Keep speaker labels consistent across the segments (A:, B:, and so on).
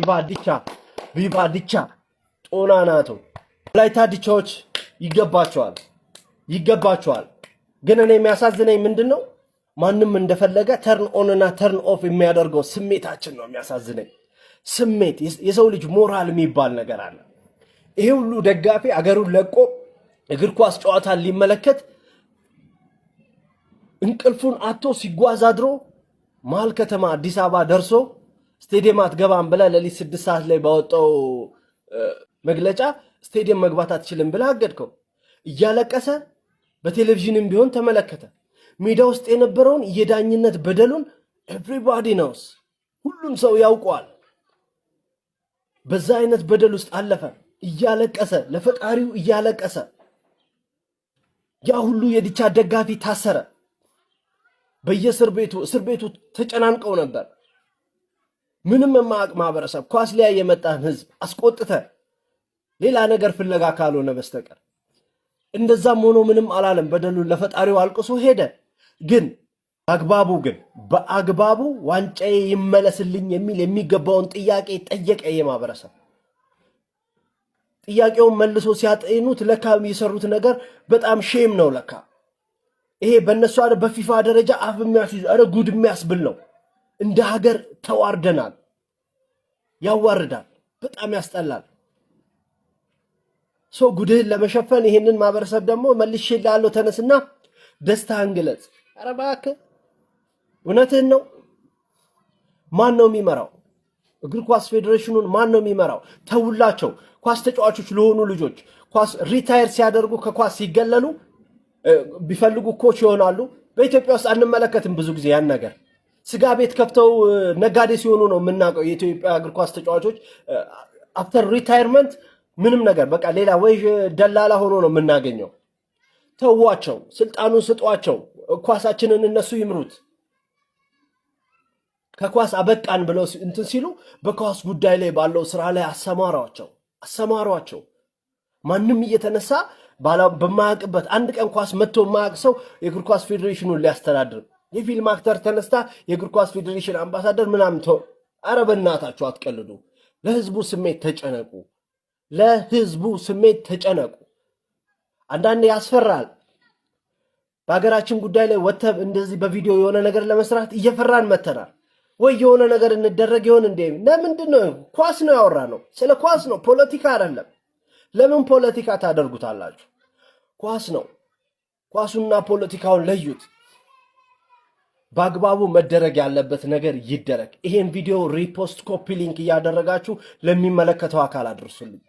A: ቪቫ ዲቻ ቪቫ ዲቻ ጦና ናቶ ወላይታ ዲቻዎች ይገባቸዋል ይገባቸዋል። ግን እኔ የሚያሳዝነኝ ምንድን ነው ማንም እንደፈለገ ተርን ኦን እና ተርን ኦፍ የሚያደርገው ስሜታችን ነው የሚያሳዝነኝ። ስሜት የሰው ልጅ ሞራል የሚባል ነገር አለ። ይሄ ሁሉ ደጋፊ አገሩን ለቆ እግር ኳስ ጨዋታን ሊመለከት እንቅልፉን አቶ ሲጓዝ አድሮ መሀል ከተማ አዲስ አበባ ደርሶ ስቴዲየም አትገባም ብላ ለሊት ስድስት ሰዓት ላይ ባወጣው መግለጫ ስቴዲየም መግባት አትችልም ብላ አገድከው። እያለቀሰ በቴሌቪዥንም ቢሆን ተመለከተ። ሜዳ ውስጥ የነበረውን የዳኝነት በደሉን ኤቭሪባዲ ነውስ፣ ሁሉም ሰው ያውቋል። በዛ አይነት በደል ውስጥ አለፈ። እያለቀሰ ለፈጣሪው እያለቀሰ ያ ሁሉ የዲቻ ደጋፊ ታሰረ። በየእስር ቤቱ እስር ቤቱ ተጨናንቀው ነበር። ምንም የማያውቅ ማህበረሰብ ኳስ ላይ የመጣን ህዝብ አስቆጥተ ሌላ ነገር ፍለጋ ካልሆነ በስተቀር እንደዛም ሆኖ ምንም አላለም። በደሉን ለፈጣሪው አልቅሶ ሄደ። ግን አግባቡ ግን በአግባቡ ዋንጫዬ ይመለስልኝ የሚል የሚገባውን ጥያቄ ጠየቀ። የማህበረሰብ ጥያቄውን መልሶ ሲያጤኑት ለካ የሰሩት ነገር በጣም ሼም ነው። ለካ ይሄ በእነሱ በፊፋ ደረጃ አፍ የሚያስይዝ ጉድ የሚያስብል ነው። እንደ ሀገር ተዋርደናል። ያዋርዳል። በጣም ያስጠላል። ሰው ጉድህን ለመሸፈን ይህንን ማህበረሰብ ደግሞ መልሼ ላለው ተነስና ደስታህን ግለጽ። ኧረ እባክህ እውነትህን ነው። ማን ነው የሚመራው? እግር ኳስ ፌዴሬሽኑን ማን ነው የሚመራው? ተውላቸው። ኳስ ተጫዋቾች ለሆኑ ልጆች ኳስ ሪታየር ሲያደርጉ ከኳስ ሲገለሉ ቢፈልጉ ኮች ይሆናሉ። በኢትዮጵያ ውስጥ አንመለከትም ብዙ ጊዜ ያን ነገር ስጋ ቤት ከፍተው ነጋዴ ሲሆኑ ነው የምናውቀው። የኢትዮጵያ እግር ኳስ ተጫዋቾች አፍተር ሪታይርመንት ምንም ነገር በቃ ሌላ ወይ ደላላ ሆኖ ነው የምናገኘው። ተዋቸው፣ ስልጣኑን ስጧቸው፣ ኳሳችንን እነሱ ይምሩት። ከኳስ አበቃን ብለው እንትን ሲሉ በኳስ ጉዳይ ላይ ባለው ስራ ላይ አሰማሯቸው አሰማሯቸው። ማንም እየተነሳ በማያውቅበት አንድ ቀን ኳስ መጥቶ የማያውቅ ሰው የእግር ኳስ ፌዴሬሽኑን ሊያስተዳድር የፊልም አክተር ተነስታ የእግር ኳስ ፌዴሬሽን አምባሳደር ምናምን ተው። አረ በእናታችሁ አትቀልዱ። ለህዝቡ ስሜት ተጨነቁ። ለህዝቡ ስሜት ተጨነቁ። አንዳንዴ ያስፈራል። በሀገራችን ጉዳይ ላይ ወተብ እንደዚህ በቪዲዮ የሆነ ነገር ለመስራት እየፈራን መተናል ወይ የሆነ ነገር እንደረግ ይሆን እንደ ለምንድን ነው ኳስ ነው ያወራ ነው ስለ ኳስ ነው ፖለቲካ አይደለም ለምን ፖለቲካ ታደርጉታላችሁ ኳስ ነው ኳሱና ፖለቲካውን ለዩት በአግባቡ መደረግ ያለበት ነገር ይደረግ። ይሄን ቪዲዮ ሪፖስት፣ ኮፒ ሊንክ እያደረጋችሁ ለሚመለከተው አካል አድርሱልኝ።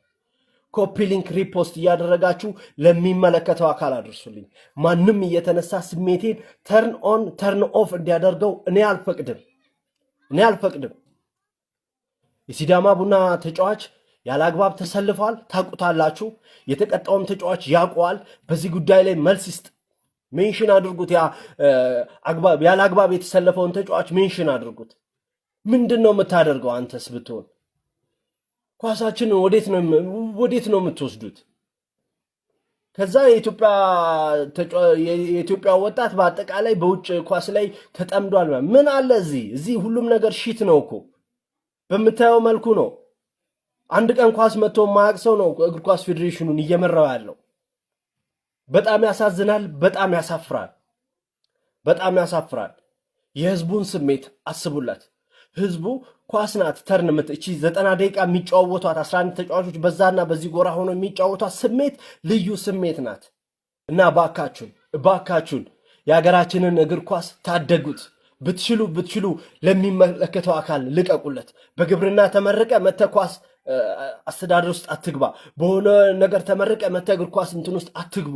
A: ኮፒ ሊንክ፣ ሪፖስት እያደረጋችሁ ለሚመለከተው አካል አድርሱልኝ። ማንም እየተነሳ ስሜቴን ተርን ኦን ተርን ኦፍ እንዲያደርገው እኔ አልፈቅድም፣ እኔ አልፈቅድም። የሲዳማ ቡና ተጫዋች ያለ አግባብ ተሰልፏል፣ ታውቁታላችሁ። የተቀጣውም ተጫዋች ያውቀዋል። በዚህ ጉዳይ ላይ መልስ ይስጥ። ሜንሽን አድርጉት። ያለ አግባብ የተሰለፈውን ተጫዋች ሜንሽን አድርጉት። ምንድን ነው የምታደርገው? አንተስ ብትሆን ኳሳችንን ወዴት ነው የምትወስዱት? ከዛ የኢትዮጵያ ወጣት በአጠቃላይ በውጭ ኳስ ላይ ተጠምዷል። ምን አለ እዚህ እዚህ ሁሉም ነገር ሺት ነው እኮ በምታየው መልኩ ነው። አንድ ቀን ኳስ መጥቶ የማያውቅ ሰው ነው እግር ኳስ ፌዴሬሽኑን እየመራው ያለው። በጣም ያሳዝናል። በጣም ያሳፍራል። በጣም ያሳፍራል። የህዝቡን ስሜት አስቡላት። ህዝቡ ኳስ ናት ተርን እቺ ዘጠና ደቂቃ የሚጫወቷት አስራ አንድ ተጫዋቾች በዛና በዚህ ጎራ ሆኖ የሚጫወቷት ስሜት ልዩ ስሜት ናት እና እባካችሁን እባካችሁን የሀገራችንን እግር ኳስ ታደጉት። ብትችሉ ብትችሉ ለሚመለከተው አካል ልቀቁለት። በግብርና ተመረቀ መተኳስ አስተዳደር ውስጥ አትግባ፣ በሆነ ነገር ተመርቀ መታ እግር ኳስ እንትን ውስጥ አትግቡ።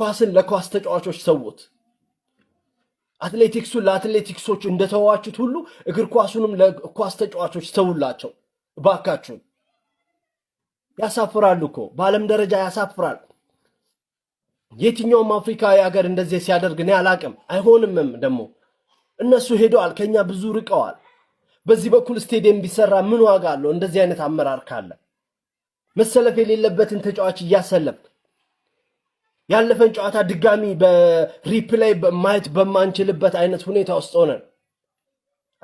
A: ኳስን ለኳስ ተጫዋቾች ሰውት። አትሌቲክሱን ለአትሌቲክሶች እንደተዋችሁት ሁሉ እግር ኳሱንም ለኳስ ተጫዋቾች ሰውላቸው እባካችሁን። ያሳፍራል እኮ በዓለም ደረጃ ያሳፍራል። የትኛውም አፍሪካዊ ሀገር እንደዚህ ሲያደርግ እኔ አላቅም። አይሆንምም ደግሞ እነሱ ሄደዋል፣ ከኛ ብዙ ርቀዋል። በዚህ በኩል ስቴዲየም ቢሰራ ምን ዋጋ አለው? እንደዚህ አይነት አመራር ካለ መሰለፍ የሌለበትን ተጫዋች እያሰለፍ ያለፈን ጨዋታ ድጋሚ በሪፕላይ ማየት በማንችልበት አይነት ሁኔታ ውስጥ ሆነን፣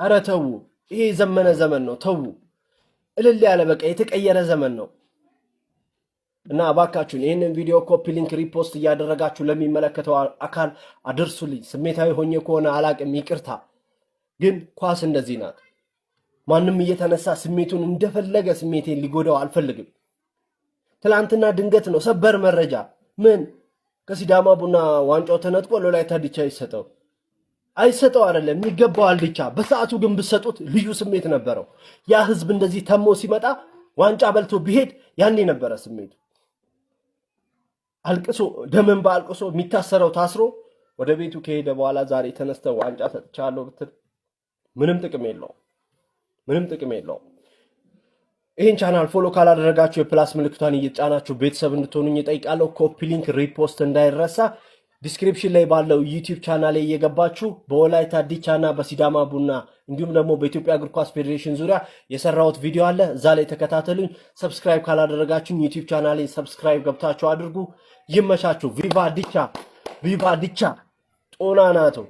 A: አረ ተዉ። ይሄ የዘመነ ዘመን ነው። ተዉ። እልል ያለ በቃ የተቀየረ ዘመን ነው እና እባካችሁን ይህንን ቪዲዮ ኮፒ ሊንክ፣ ሪፖስት እያደረጋችሁ ለሚመለከተው አካል አድርሱልኝ። ስሜታዊ ሆኜ ከሆነ አላቅም፣ ይቅርታ። ግን ኳስ እንደዚህ ናት። ማንም እየተነሳ ስሜቱን እንደፈለገ ስሜቴን ሊጎዳው አልፈልግም። ትላንትና ድንገት ነው ሰበር መረጃ። ምን ከሲዳማ ቡና ዋንጫው ተነጥቆ ለወላይታ ዲቻ ይሰጠው አይሰጠው አይደለም ይገባዋል። ዲቻ በሰዓቱ ግን ብሰጡት ልዩ ስሜት ነበረው። ያ ህዝብ እንደዚህ ተሞ ሲመጣ ዋንጫ በልቶ ቢሄድ ያኔ ነበረ ስሜቱ። አልቅሶ ደምን በአልቅሶ የሚታሰረው ታስሮ ወደ ቤቱ ከሄደ በኋላ ዛሬ ተነስተ ዋንጫ ሰጥቻለሁ ብትል ምንም ጥቅም የለውም። ምንም ጥቅም የለውም። ይህን ቻናል ፎሎ ካላደረጋችሁ የፕላስ ምልክቷን እየጫናችሁ ቤተሰብ እንድትሆኑኝ እጠይቃለሁ። ኮፒ ሊንክ፣ ሪፖስት እንዳይረሳ። ዲስክሪፕሽን ላይ ባለው ዩቲዩብ ቻናል ላይ እየገባችሁ በወላይታ ዲቻና በሲዳማ ቡና እንዲሁም ደግሞ በኢትዮጵያ እግር ኳስ ፌዴሬሽን ዙሪያ የሰራሁት ቪዲዮ አለ። እዛ ላይ ተከታተሉኝ። ሰብስክራይብ ካላደረጋችሁኝ ዩቲዩብ ቻናል ላይ ሰብስክራይብ ገብታችሁ አድርጉ። ይመቻችሁ። ቪቫ ዲቻ፣ ቪቫ ዲቻ። ጦና ናተው